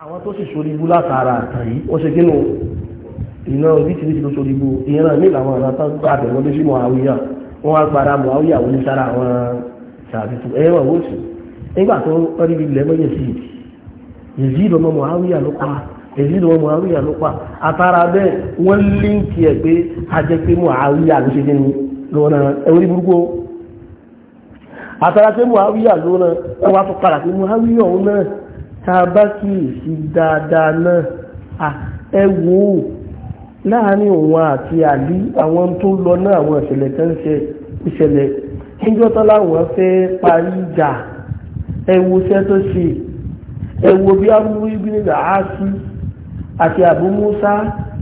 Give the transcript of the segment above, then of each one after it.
àwọn tó sì sórí ibú látara àtàn yìí ó ṣe kí nù iná oríṣiríṣi ló sórí ibú ìyẹn náà nílò àwọn àwọn tó gbà bẹ̀rẹ̀ lọ́dún sí Muawiya wọ́n á gbára Muawiya wọlé sára àwọn ṣàbìtú ẹ̀rọ owó sí nígbà tó rí ilẹ̀ mọ́ Yazid Yazid ọmọ Muawiya ló pa Yazid ọmọ Muawiya ló pa àtàrà bẹ́ẹ̀ wọ́n líǹkì ẹ̀ pé ajẹ́ pé Muawiya ló ṣe kí ni lọ́nà ẹ̀wọ́n burúkú àtàrà pé Muawiya lọ́nà ẹ̀wọ́n tá a bá kíyèsí dáadáa náà ẹ wò ó láàrin òun àti àlí àwọn tó lọ náà àwọn ìṣẹ̀lẹ̀ kan ṣe ìṣẹ̀lẹ̀ níjọ́ tán láwọn fẹ́ parí ìjà ẹ wo iṣẹ́ tó ṣe ẹ wo bí amúrú ibi nígbà á sí àti àbú Musa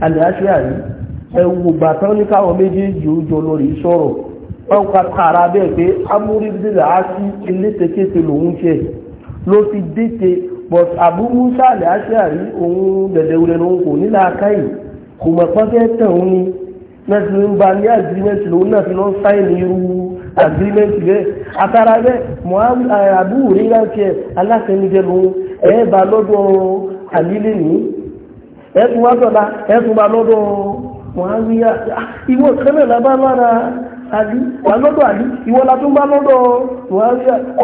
àrí ẹ wo gbà tán ní káwọn méjèèjì ó jọ lọ rí sọ̀rọ̀ wọn kà kàrà bẹ́ẹ̀ pé amúrú ibi nígbà á sí elétekéte lòún ṣe ló fi déte but Abu Musa al-Ash'ari ohun dẹ̀dẹ̀ wúlẹ̀ ló kò nílà akáyì kò mọ̀ pọ́ńkẹ́ òun ni ń ba ní agreement lòun náà fi lọ irú agreement eh, Abu lòun bá ní ẹ̀ tún wá sọ̀la ẹ̀ tún bá lọ́dọ̀ Muawiya ah, ah, ìwọ kẹ́lẹ̀ lábá wà ali ah, ó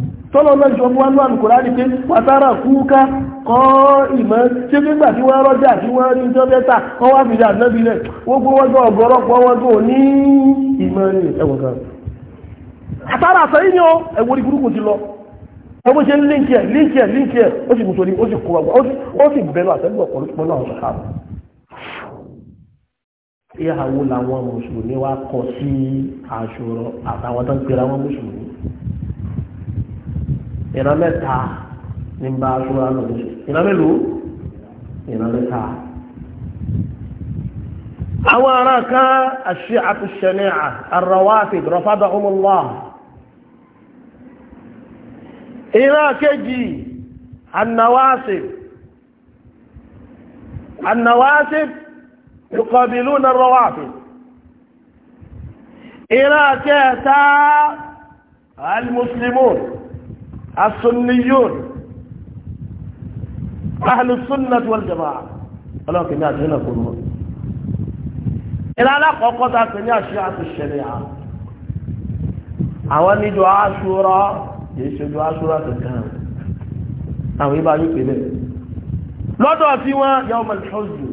tọ́lọ́ náà jọ wọ́n lọ́nà kò rárí pé pàtàrà kúkà kọ́ ìmọ̀ tí gbígbà tí wọ́n rọ́jà tí wọ́n rí jọ mẹ́ta wọ́n wá fi dàn wọ́n gbọ́ wọ́n ní ìmọ̀ ní ẹ̀wọ̀n kan. ni ó ẹ̀wọ̀n ti lọ ṣe líǹkì ẹ̀ líǹkì ẹ̀ líǹkì ẹ̀ ó sì ní ó sì wa ìran mẹ́ta ní bá aṣọ́ra lọ sí ìran mélòó ìran mẹ́ta. àwọn ará ká ash-shi'atu ash-shani'a ar-rawafid rafadahumullah. ìran kejì an-nawasib an-nawasib yuqabiluna ar-rawafid. ìran kẹta al-muslimun. as-sunniyun ahlus sunnah wal jamaa'ah ọlọ́run kìíní àti ìnà kò mọ́. ìlànà àkọ́kọ́ tá a pè ní àṣẹ àtúnṣẹlẹ̀ à àwọn níjọ aṣúra kìí ṣojú aṣúra kankan àwọn ibà yóò pè bẹ́ẹ̀. lọ́dọ̀ tí wọ́n yọ ọmọ ìṣọ́jú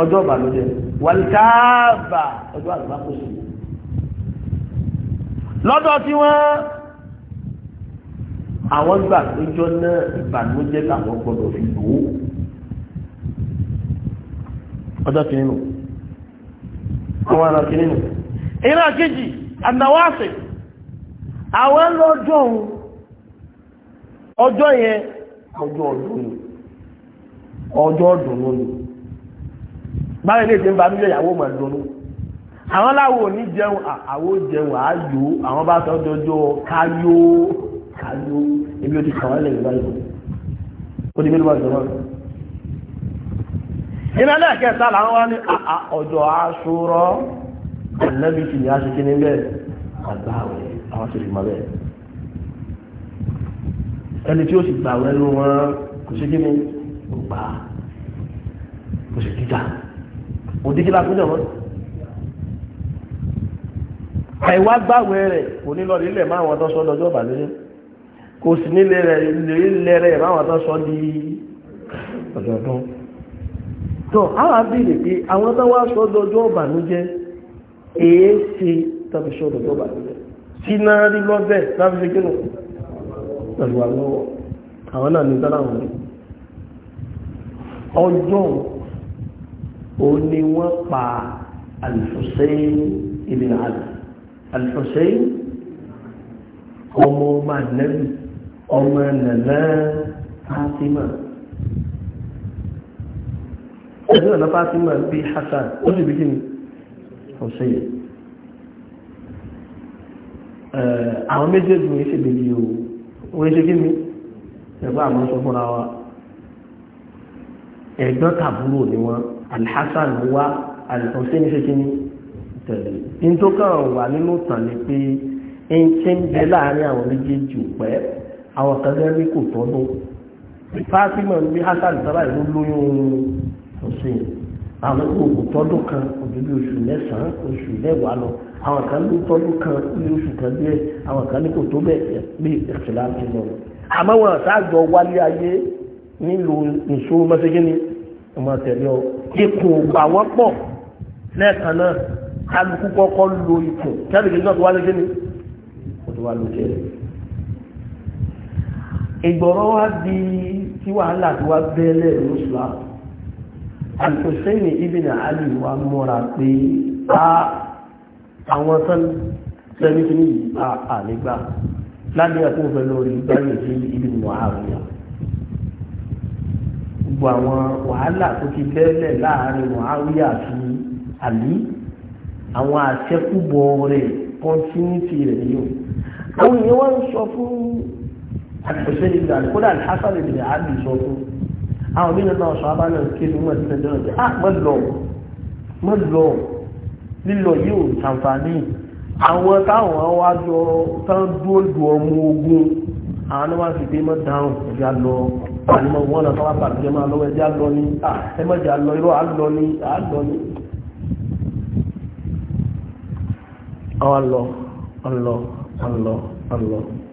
ọjọ́ ìbàlódé wàlíkàbà ọjọ́ àgbà kò sí. lọ́dọ̀ tí wọ́n àwọn gbà péjọ náà ìbànújẹ́ làwọn gbọ́dọ̀ fi lò ó ọjọ́ kìíní nù àwọn ará kìíní nù ìrìn àkejì àdáwáṣe àwọn lọ́jọ́ òun ọjọ́ yẹn ọjọ́ ọdún ni ọjọ́ ọdún ni báyìí lè ṣe ń banújẹ́ ìyàwó mọ̀ ẹ̀dùnú àwọn láwo ò ní jẹun àwọn jẹun àáyò àwọn bá sọ ọjọ́ ọjọ́ káyó ìlú ibi ó ti kàn wá lẹ́yìn báyìí ó ti mélòó àjọ náà. iná lẹ́ẹ̀kẹta làwọn wá ní ọjọ́ aṣọ́rọ́ ẹ̀lẹ́bí ti ní aṣọ kíní bẹ́ẹ̀ àgbà rẹ̀ àwọn ti rí mọ́ bẹ́ẹ̀. ẹni tí ó sì gbà wẹ́nu wọn kò sí kíní kò gbà kò sì jíjà òdíjí la fún yàn àìwá gbàwé rẹ̀ kò ní lọ nílẹ̀ máa wọn tó sọ́dọ̀ ọjọ́ ìbàlẹ́yìn kò sí nílé rẹ̀ ilé rẹ̀ ìbáwọn tó sọ di ọ̀dọ̀dún tó àwọn abìrì pé àwọn tó wá sọ dọjọ́ ọ̀bànújẹ́ èé ṣe tàbí sọ dọjọ́ ọ̀bànújẹ́ sínú rí lọ́bẹ̀ tàbí ṣe kínú pẹ̀lú àlọ́wọ́ àwọn náà ní dáláwọn rí ọjọ́ ò ní wọ́n pa Al-Husayn ibn Ali Al-Husayn ọmọ ọmọ ànẹ́bì ọmọ nàná fátímà ẹ̀sùn nàná fátímà bí Hassan ó sì bí kí ni ọ̀sẹ̀yẹ̀ àwọn méjèèjì wọ́n ṣe bèèrè o wọ́n ṣe kí ni ẹ̀gbọ́n àwọn sọ fúnra wa ẹ̀gbọ́n tàbúrò ni wọ́n Al-Hassan wá Al-Hussein ṣe kí ni tẹ̀lé ní tó kàn wà nínú tàn ní pé ń ṣe ń bẹ láàárín àwọn méjèèjì pẹ́ẹ́ àwọn kan lẹ́rí kò tọ́nú fátímọ̀ ní hasan sábà ìlú lóyún ọ̀sìn àwọn gbogbo tọ́dún kan òdúdú oṣù mẹ́sàn-án oṣù mẹ́wàá lọ àwọn kan ló tọ́dún kan ní oṣù kan bí ẹ àwọn kan ní kò tó bẹ́ẹ̀ pé ìṣẹ̀lá ti lọ. àmọ́ wọn àtàjọ wálé ayé nílò nìṣó mọ́sẹ́gínní ọmọ tẹ̀lé ọ ikùn ògbà wọn pọ̀ lẹ́ẹ̀kan náà kálukú kọ́kọ́ lo ikùn kẹ́lùkì náà tó wálé ìgbọ̀rọ̀ wá di tí wàhálà tó wá bẹ́ẹ̀lẹ̀ lóṣùlá alìkòsẹ́yìn ibn Ali wá mọ́ra pé àwọn sẹ́ni tí ní àlẹ́gbà lábẹ́ àtúnfẹ́ lórí gbáyẹ̀ sí ibn Muawiya gbogbo àwọn wàhálà tó ti bẹ́ẹ̀lẹ̀ láàrin Muawiya àti àlì àwọn àṣẹ́kùbọ̀ rẹ̀ kọ́ńtínítì rẹ̀ yóò àwọn èèyàn wá ń sọ fún àtẹ̀sẹ̀ ìgbà kódà hasan ìgbà àbí sọ fún àwọn mí náà sọ abáná kéde wọn ti tẹ̀lé ọ̀dẹ̀ ah mọ lọ mọ lọ lílọ yóò ṣàǹfààní àwọn táwọn wá jọ tán dúró du ọmọ ogun àwọn náà wá sì pé mọ dáhùn ìjà lọ ànímọ̀ wọn náà tọ́wọ́ pàtàkì máa lọ́wọ́ ẹjẹ́ àlọ́ ah, ní ẹmọ́jà lọ irọ́ àlọ́ ní àlọ́ ní ọlọ́ ọlọ́ ọlọ́ ọlọ́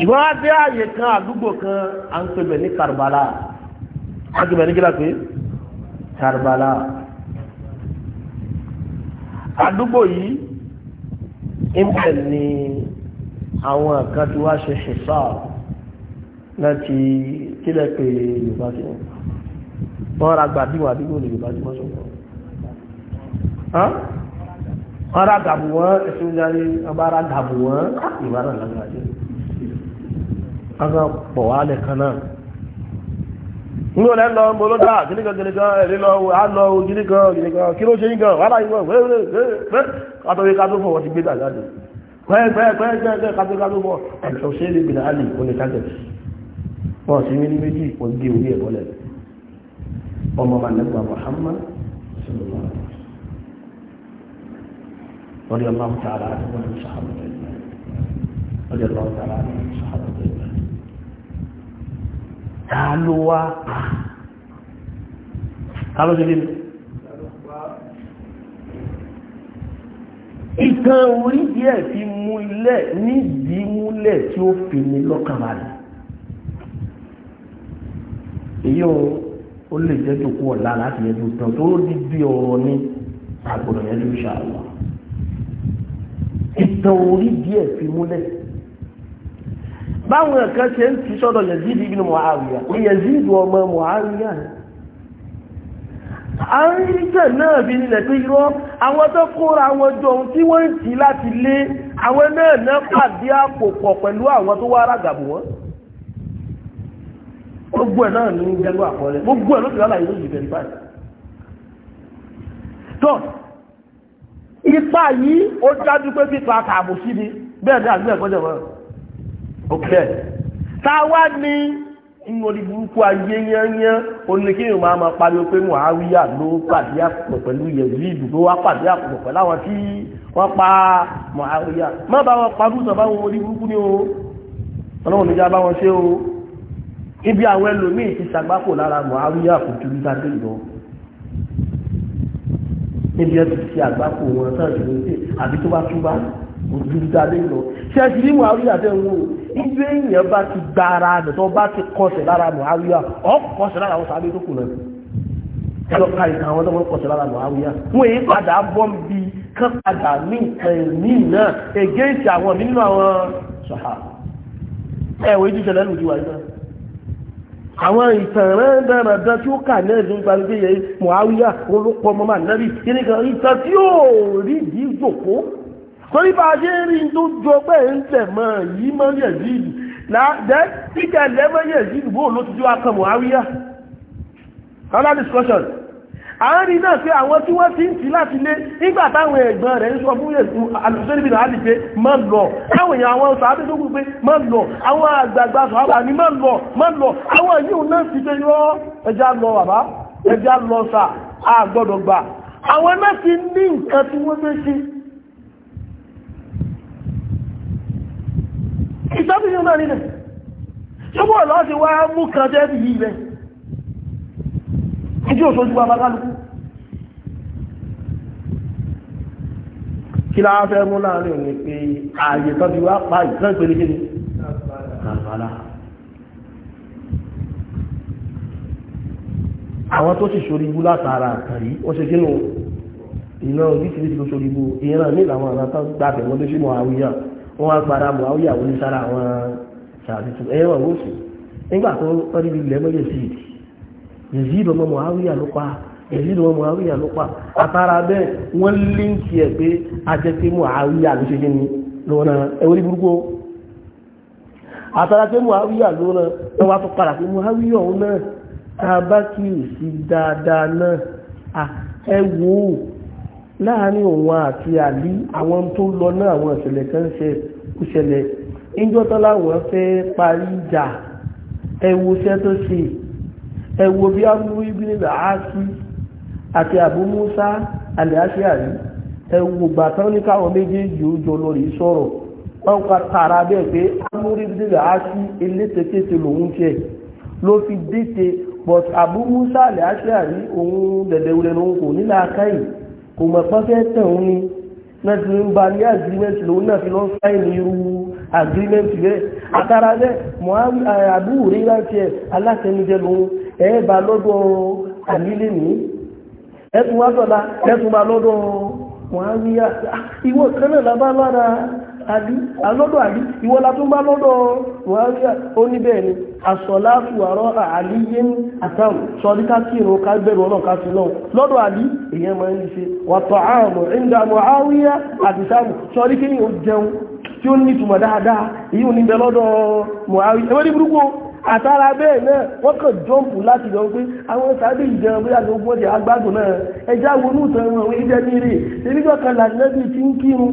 ìwọ́n á dé ààyè kan àdúgbò kan à ń pè bẹ̀ ní Karbala à ń pè bẹ̀ ní kílà pé Karbala àdúgbò yìí ibẹ̀ ni àwọn kan tí wá ṣe ṣìṣàl láti kílẹ̀ pé Yorùbá ti wọ́n ra gbàdúrà àdúgbò ní Yorùbá ti wọ́n sọ̀rọ̀ wọ́n ra gàbù wọ́n ẹ̀sùn jáde wọ́n bá ra gàbù wọ́n ìwárà lágbàdúrà ọ̀sán pọ̀ wá lẹ̀ kan náà ní olè ń lọ ń bolo dáa gíní kan gíní kan èlé lọ á lọ gíní kan gíní kan kí ló ṣe yín gan wàhálà yín gan pẹ́ẹ́pẹ́ẹ́ kátó yín kátó fọ̀ wọ́n ti gbé dà jáde pẹ́ẹ́pẹ́ẹ́pẹ́ẹ́ kátó kátó fọ̀ ẹ̀sọ́ ṣe é lè ta ló wá ta ló ṣe lé ìtàn orí díẹ̀ fi múlẹ̀ nídìí múlẹ̀ tí ó fi ní lọ́kàn balẹ̀ èyí ó lè jẹ́ jòkó ọ̀la láti yẹjú tán tó di bí ọ̀rọ̀ ní àgbọ̀dọ̀ yẹjú ṣàlọ́ ìtàn orí díẹ̀ fi múlẹ̀ báwọn ẹ̀kan ṣe ń ti sọ́dọ̀ Yazid ibn Muawiya ní Yazid ọmọ Muawiya ni a ń rí tẹ̀ náà bí nílẹ̀ pé irọ́ àwọn tó kóra wọn jọ ohun tí wọ́n ń tì láti lé àwọn náà náà pàdé àpò pọ̀ pẹ̀lú àwọn tó wá rágàbò wọn gbogbo ẹ̀ náà ní jẹ́gbọ́ àkọọ́lẹ̀ ok táwa ní ìwọ̀n ní burúkú ayé yányán oníkéyìn máa ma pariwo pé Muawiya ló pàdé àpò pẹ̀lú Yazidu ló wá pàdé àpò pẹ̀lú àwọn tí wọ́n pa Muawiya má bá wọn parú sọ̀bá wọn ní burúkú ni o ọlọ́run níjà bá wọn ṣe o ibi àwọn ẹlòmíì ti ṣàgbákò lára Muawiya kò ju nígbà dé lọ níbi ẹ ti ṣe àgbákò wọn sáà ṣe àbí tó bá túbá kò ju dé lọ ṣe é ti rí Muawiya tẹ́ ń wò ibi èèyàn bá ti gba ara rẹ̀ tó bá ti kọsẹ̀ lára Muawiya ọ̀ kọsẹ̀ lára àwọn sàbẹ̀ tó kù lọ ẹlọ ka ìka àwọn ọlọ́wọ́ kọsẹ̀ lára Muawiya wọn èyí padà bọ́ bí kán padà ní nǹkan ìní náà ègé ìsì àwọn nínú àwọn sọ̀hà ẹ̀wọ̀ ìdí ìṣẹ̀lẹ̀ lòdì wáyé náà àwọn ìtàn rẹ̀ dáradára tí ó kà ní ẹ̀dùn gbàgbé yẹn Muawiya orúkọ ọmọ màá nẹ́bí kí ni kan ìtàn tí yóò rí ìdí ìjòkó torí bá a ṣe ń rí tó jọ pé ń tẹ̀ mọ́ yìí mọ́ Yazid láàdẹ́ títẹ̀ lẹ́mọ́ Yazid bó ló ti jọ akàn Muawiya another discussion àárín náà pé àwọn tí wọ́n ti ń ti láti lé nígbà táwọn ẹ̀gbọ́n rẹ̀ ń sọ fún alùsọ́lẹ́bì náà lè pé má lọ àwọn èèyàn àwọn sàábé tó kú pé má lọ àwọn àgbààgbà sàábà ní má lọ má lọ àwọn yíò náà ti pé yọ ẹja lọ bàbá ẹja lọ sà àgbọ́dọ̀ gbà àwọn náà ti ní nǹkan tí wọ́n fẹ́ sí ìṣẹ́bí yóò náà nílẹ̀ ṣọ́bọ̀ lọ́ ti wá mú kan jẹ́bí yìí rẹ̀ ìjú òṣòjú wa magálùkù kí láá fẹ́ mú láàrin òní pé ààyè tán ti wá pa ìtàn ìpele kí ni kàfàlà àwọn tó sì ṣorí ibú látara àkàrí wọ́n ṣe kínú ìná oríṣiríṣi ló ṣorí ibú ìran ní làwọn àràtà gbàtẹ̀ wọ́n tó ṣe mọ̀ àwíyàn wọ́n wá gbára mọ̀ àwọn ìyàwó ní sára àwọn sàbìtù ẹ̀wọ̀n ó sì nígbà tó wọ́n níbi ilẹ̀ mọ́lẹ̀ sí ìdí yezid ọmọ muawiya ló pa yezid ọmọ muawiya ló pa àtàrà bẹ́ẹ̀ wọ́n líǹkì ẹ̀ pé ajẹ́pé muawiya ló ṣe kíni lọ́nà ẹ̀wọ́n ní burúkú àtàrà pé muawiya lọ́nà ẹ wá tó padà pé muawiya òun náà tá dáadáa náà ẹ wò ó òun àti àlí àwọn tó lọ náà àwọn ìṣẹ̀lẹ̀ kan ṣe kú ṣẹlẹ̀ níjọ́ tọ́láwọ̀ fẹ́ parí ìjà ẹwọ iṣẹ́ tó ṣe ẹwọ bí amúrú ibi nílẹ̀ áásí àti Abu Musa al-Ash'ari ẹwọ gbà tán ní káwọn méjèèjì ó jọ lórí sọ̀rọ̀ wọ́n kàrà bẹ́ẹ̀ pé amúrú ibi nílẹ̀ áásí elétekéte lòun ṣe but Abu Musa al-Ash'ari òun dẹ̀dẹ̀ wulẹ̀ lòun kò nílà káyì kò mọ̀ pọ́fẹ́ tẹ̀ náà baa ń ní agreement lòun náà fi lọ sáìnì irú agreement rẹ̀ àtàrà rẹ̀ mohamed abu rírà tiẹ̀ alátẹnujẹ lòun ẹ̀ bá lọ́dọ̀ àlílé ní ẹ̀tún wá sọ̀la mohamed ah, ìwọ kan náà lábá lára àbí alọ́dọ̀ àbí ìwọ la tún bá lọ́dọ̀ buhari oníbẹ̀ẹ́ ni asọ̀láàfù àrọ́ àlíyé ní àtàrù sọ́díká tí ìrò ká bẹ̀rù ọlọ́run ká sí lọ lọ́dọ̀ àbí èèyàn máa ń ṣe wàtọ̀ àmọ̀ ìgbà Muawiya àti sáàmù sọ́dí kí yóò jẹun tí ó ní ìtumọ̀ dáadáa èyí ò ní bẹ lọ́dọ̀ Muawiya ẹwẹ́ ní burúkú àtàrà bẹ́ẹ̀ náà wọ́n kàn jọ́ǹpù láti lọ pé àwọn sáré ìjẹun bí àti ogun ọ̀dẹ̀ agbádùn náà ẹjá wọnú ìtàn ìjẹ́ nílé nígbà kan làdínẹ́bì ń kírun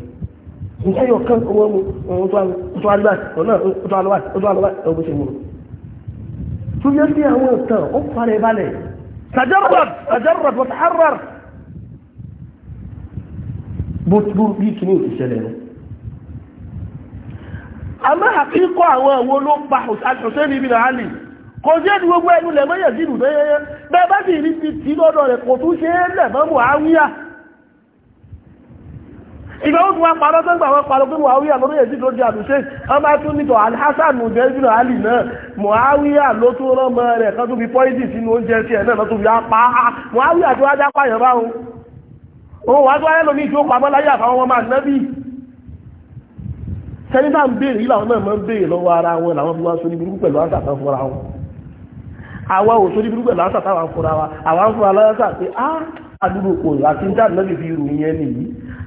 nǹkan yóò kán owó mu ọtọ alúbà ọ̀nà ọtọ alúbà ọtọ alúbà ọgbọ́n ṣe mú un. sí àwọn nǹkan ó parẹ́ balẹ̀ tajarrab tajarrab wa taharrar bó bí kìíní ìṣẹ̀lẹ̀ rẹ̀. àmọ́ àkíkọ́ àwọn àwọn ló pa Hussein ibn Ali kò sí ẹni gbogbo ẹnu lẹ̀ mọ́yẹ̀ sínú bẹ́ẹ̀ bá sì rí ti lọ́dọ̀ rẹ̀ kò tún ṣe é lẹ̀ mọ́ ìgbà ó tún wá parọ́ tó ń gbà wọ́n parọ́ pé muawiya ló yẹ jíjọ di àdùsẹ́ wọ́n bá tún nítọ̀ alhassan mujẹ́ jùlọ ali náà muawiya ló tún rọ́mọ rẹ̀ kan tó fi pọ́ìsì sínú oúnjẹ tiẹ̀ náà tó fi apá muawiya tó wájá pààyàn báwọn òun wá tó wáyé lómi ìjó pamọ́ láyé àfáwọn ọmọ ànábì sẹ́nitá ń béèrè ìlànà náà máa ń béèrè lọ́wọ́ ara wọn làwọn fi wá sórí burúkú pẹ̀lú àṣà fúnra wọn àwa ò sórí burúkú pẹ̀lú àṣà fúnra wa àwa ń fúnra lọ́wọ́ pé á ah, àdúgbò kò láti ń jáde lọ́bì fi ròyìn ẹni yìí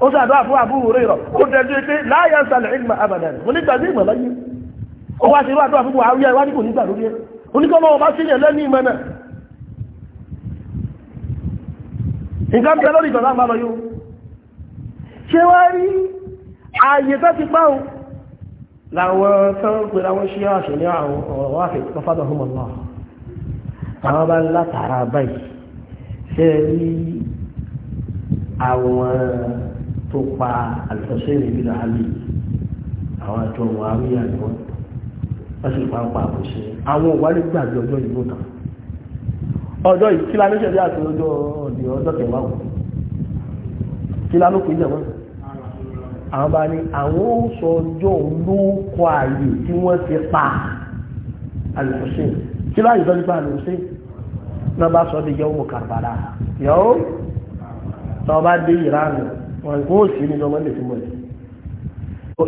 ó sàdúrà fún Abu Hurairah ó dẹ̀jú pé láyé sàlẹ̀ ìgbìmọ̀ abadan mo ní gbàgbé ìmọ̀ láyé ó wá sí irú àdúrà fún buhari ẹ̀ wájú kò ní gbà lórí ẹ̀ oníkọ́mọ́ ọba sí yẹn lẹ́ní ìmọ̀ náà nǹkan bẹ lórí ìjọba àbálọ yóò àwọn tó pa àlùfẹ́sẹ̀rẹ̀ nínú àmì àwọn àjọ wọn àrí àjọ wọ́n sì pa pa àbòṣe àwọn òwárí gbàgbé ọjọ́ ìbò tán ọjọ́ ìkíláníṣẹ́ bí àti ọjọ́ ọ̀dẹ ọjọ́ kẹwàá wọn kílánókù ìjọba àwọn bá ní àwọn sọ ọjọ́ olóòkọ ààyè tí wọ́n ti pa àlùfẹ́sẹ̀ kíláyìí lọ́dún pa àlùfẹ́sẹ̀ náà bá sọ ọ́ di yẹ́wò kàrbàlà yẹ́wò tọ́ bá dé ìránù wọ́n kó sí nínú ọmọ ilé fún mọ́ ẹ̀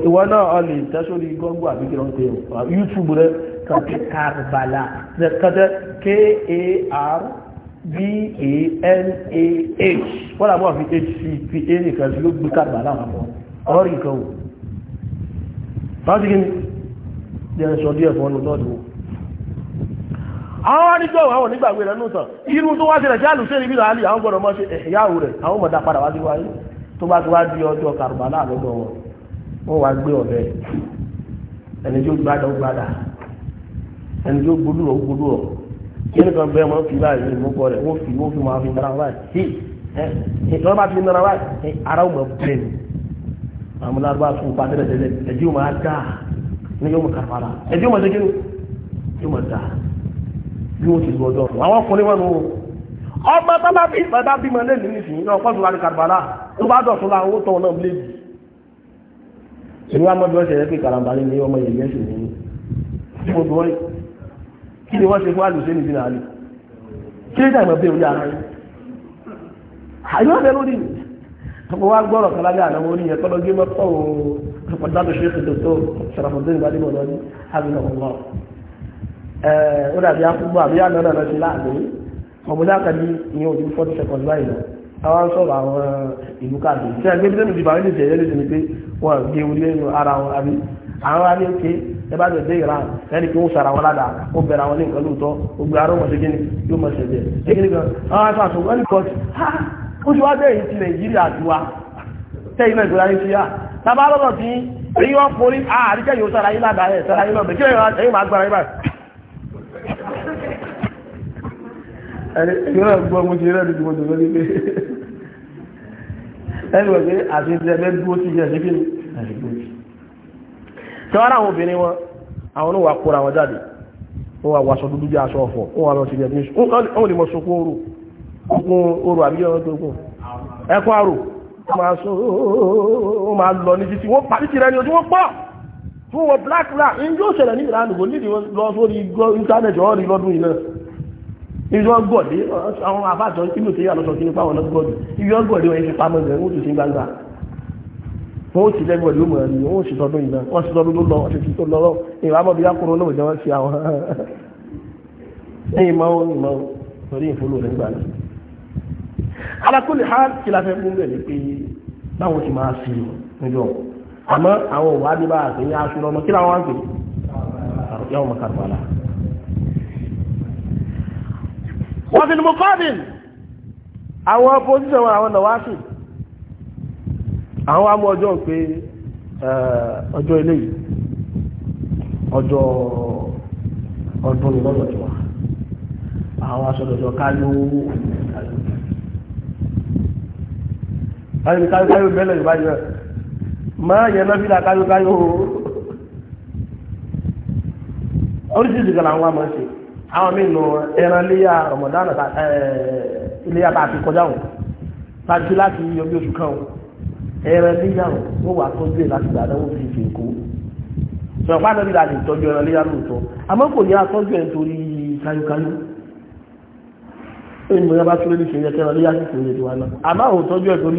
ìwọ náà ọ lè tẹ́sórí gọ́ngù àbí kí wọ́n pe YouTube rẹ kàtẹ́ Karbala kàtẹ́ K-A-R-B-A-N-A-H wọ́n làbọ̀ fi hcp a nìkan sí ló gbé Karbala wọn bọ̀ ọ̀rọ̀ nìkan o láti kí ni jẹ́ sọ díẹ̀ fún ọdún tọ́jú àwọn àdíjọ́ àwọn onígbàgbé rẹ̀ nù tàn irú tó wá sí rẹ̀ jálù sí ẹ̀rí bí i àwọn gbọ́dọ̀ mọ́ sí ẹ̀yáwó rẹ̀ àwọn mọ̀dá padà wá sí wáyé tó bá tó wá di ọjọ́ Karbala lọ́dọ̀ wọn wọ́n wá gbé ọ̀bẹ ẹni tó gbádà ó gbádà ẹni tó gbólúrọ̀ ó gbólúrọ̀ kí ẹnì kan bẹ́ẹ̀ wọ́n fi báyìí mú bọ́ rẹ̀ wọ́n fi wọ́n fi máa fi nara báyìí ìtọ́ bá fi nara báyìí ara ó mọ̀ bẹ́ẹ̀ ni àwọn arúgbó fún pa tẹ́lẹ̀ tẹ́lẹ̀ ẹ̀jí ó máa dáa ní yóò mọ̀ Karbala ẹ̀jí ó máa dé kí ni yóò máa dáa bí wọ́n ti lu ọmọ tọ́lá bí ìpẹ́dá bímọ lè ní ìsìn náà pọ́sùn wa ní kàrùbárà tó bá dọ̀tún la owó tọ́ náà lè jì ìlú amọ́bí wọ́n ṣẹlẹ̀ pé kàràbàrí ní ọmọ yẹ̀yẹ́ sì ní mo bí wọ́n kí ni wọ́n ṣe fún àlùsẹ́ níbi náà lè kí ni dàgbà bẹ́ẹ̀ orí ara yìí àyè wọ́n fẹ́ lórí mi mo wá gbọ́rọ̀ kan lábẹ́ àná mo ní ẹ̀kọ́ lọ́gé mọ́tò ọ̀pọ̀dáàbò ṣe é tó ṣàràfọ̀dé ìgbàdìmọ̀ lọ́dún àbí nàbọ̀ wọ́n ó dàbí akúgbọ́ àbí àná náà lọ sí láàbí ọmọdáka ní ìyẹn òjú forty seconds báyìí lọ àwọn ń sọ̀rọ̀ àwọn ìlú káàdì tí a gbé tẹ́lẹ̀ ti bàwẹ́ lè tẹ̀lé lè tẹ̀lé pé wọ́n gbé orí ẹnu ara wọn àbí àwọn ará ní òkè ẹ bá tẹ̀ dé ìran ẹni pé ó sara wọn ládàá ó bẹ̀rẹ̀ àwọn ní nǹkan lóòótọ́ ó gbé arọ́ wọn ṣe kíni yóò mọ̀ ṣẹlẹ̀ ṣe kíni kan àwọn aṣọ àṣọ wọn ní kọ́ọ̀tù ha ó ti wá bẹ́ẹ̀ ti nàìjíríà ti wa tẹ́yìn náà ìgbéra yín sí yá tábà lọ́dọ̀ tí èyí wọ́n forí ah, àríkẹ́ yóò sara yín ládàá ẹ̀rọ gbọ́ mú ti rẹ̀ ní gbogbo lórí pé ẹgbẹ̀ pé àti ìdẹ́gbẹ́ dúó sí jẹ́ sí kíni tí wọ́n ráwọn obìnrin wọn àwọn oníwà kóra wọn jáde wọ́n wà wàṣọ dúdú jẹ́ aṣọ ọ̀fọ̀ wọ́n wà lọ sí ẹ̀mí wọ́n lè mọ̀ sókún orò okun orò àbí ọ̀rọ̀ tó kù ẹkún àrò wọ́n máa lọ ní títí wọ́n parí ti rẹ̀ ní ojú wọ́n pọ̀ fún wọn black black ní yóò ṣẹlẹ̀ ní ìlànà kò nídìí lọ sórí íńtánẹ̀tì ọ̀rí lọ́dún yìí náà ìjọ gbọ̀dé àwọn àbájọ kílò tó yà lọ́sọ̀ kí ní pàwọn lọ́gbọ̀dé ìjọ gbọ̀dé wọn ti pamọ́ rẹ̀ wọ́n ti sí gbangba wọ́n ó ti lẹ́gbọ̀dé wọn rí wọ́n ó sì sọdún ìgbà wọ́n sì sọdún ló lọ wọ́n sì ti tó lọ lọ ìwàmọ̀ bí akóró náà jẹ́ wọ́n fi àwọn ẹ̀yìn mọ́ ìmọ̀ torí ìfolò rẹ̀ gbà náà. alákùnrin ha kí la fẹ́ fún bẹ̀ ni pé báwọn ti máa wọ́n fi ní mú kọ́bìn àwọn opposition wọn àwọn nàwáṣì àwọn amú ọjọ́ pé ọjọ́ ilé yìí ọjọ́ ọdún lọ́dọ̀ tí wà àwọn aṣọ́dọ̀jọ́ káyówó káyó káyó bẹ́lẹ̀ yóò báyìí náà máa yẹ náà fílà káyó káyó oríṣiríṣi kan àwọn amọ̀ ṣe àwọn mìíràn ẹran iléyà Ramadan iléyà bá ti kọjá wọn láti láti yọ bí oṣù kan ẹran iléyà wọn wà tọ́jú ẹ̀ láti gbàdá wọn fi fi èkó sọ̀rọ̀ pàtó bí láti tọ́jú ẹran lóòótọ́ àmọ́ kò ní atọ́jú ẹ̀ nítorí bá tún sì àmọ́ àwọn ẹ̀ àwọn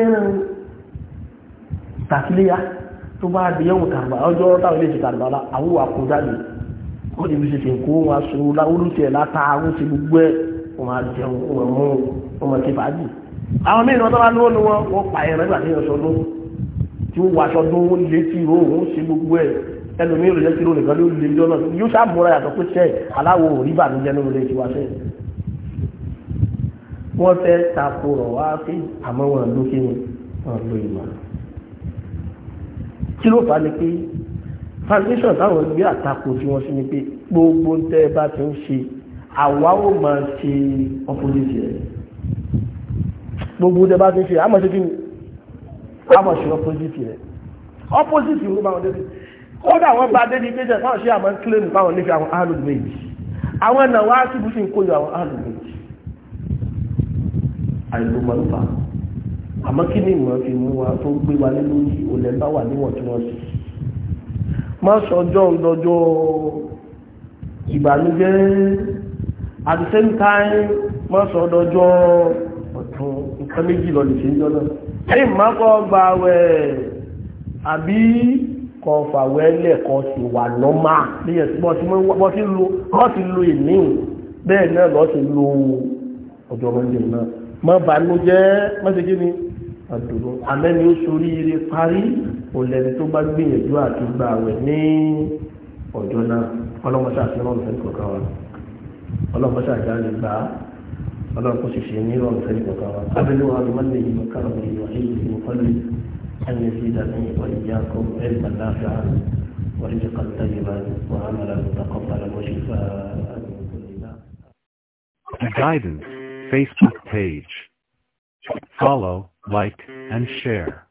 jẹ́ ẹran tó bá di yẹ́wò kàrùbà ọjọ́ táwọn ilé ti kàrùbà la àwọn wà kó jáde wọ́n ti fi ṣe kó wọn aṣọ olùtẹ̀ láta àwọn ti gbogbo ẹ̀ wọn máa jẹun wọn mú wọn máa ti fàájì. àwọn míì náà tó bá lówó ni wọn wọn pa ẹ̀rọ nígbà tí yẹn sọ lóhùn tí ó wàṣọ tó ń lé tí ìró òun ṣe gbogbo ẹ̀ ẹlòmíì rẹ̀ tí ìró nìkan ló lé jọ náà yóò ṣàmúra yàtọ̀ pé ṣe aláwo ò rí bànújẹ́ nínú ilé tiwa kí ló fà á ni pé foundation táwọn gbé àtakò tí wọ́n sí ni pé gbogbo ń tẹ́ bá ti ń ṣe àwa ó máa ṣe opposite rẹ̀ gbogbo ń tẹ́ bá ti ń ṣe àmọ́ ṣe kí ni àmọ́ ṣe opposite rẹ̀ opposite ló máa ń débi kódà wọ́n bá débi méjì táwọn ṣe àmọ́ claim báwọn nífẹ̀ẹ́ àwọn àlù méjì àwọn ẹ̀nà wá síbùsì ń kóyọ àwọn àlù méjì àìlùmọ̀lúfà àmọ́ kí ni ìmọ̀ fi mú wa tó gbé wa nínú olẹ́ bá wà níwọ̀ntúnwọ̀nsì má sọjọ́ lọ́jọ́ ìbànújẹ́ at the same time má sọ lọ́jọ́ ọ̀tún nǹkan méjì lọ lè ṣe ń jọ́nà ẹ̀yìn má kọ́ gba àwẹ̀ àbí kọ́ fàwẹ́ lẹ́ẹ̀kọ́ sí wà nọ́mà bọ́ sí lo ìníhùn bẹ́ẹ̀ náà lọ́ sí lo ọjọ́ mọ́ndé náà má bànújẹ́ má ṣe kí ni àdúró àmẹ́ni ó sorí ire parí òlẹ́ni tó bá gbìyànjú àti gba àwẹ̀ ní ọjọ́ náà ọlọ́mọṣà àti ọlọ́run fẹ́ẹ́ kọ̀ọ̀kan wa ọlọ́mọṣà àti àlè gbà á ọlọ́run sì ní ọlọ́run fẹ́ẹ́ kọ̀ọ̀kan wa abẹ́lẹ́ wa lọ́mọ lè yíwọ káàmù ìwà ìlú ìwọlé ẹni sí ìdáná ìwà ìyá kọ́ ẹ̀rí màláfíà ورزقا طيبا Guidance Facebook page. Follow, like, and share.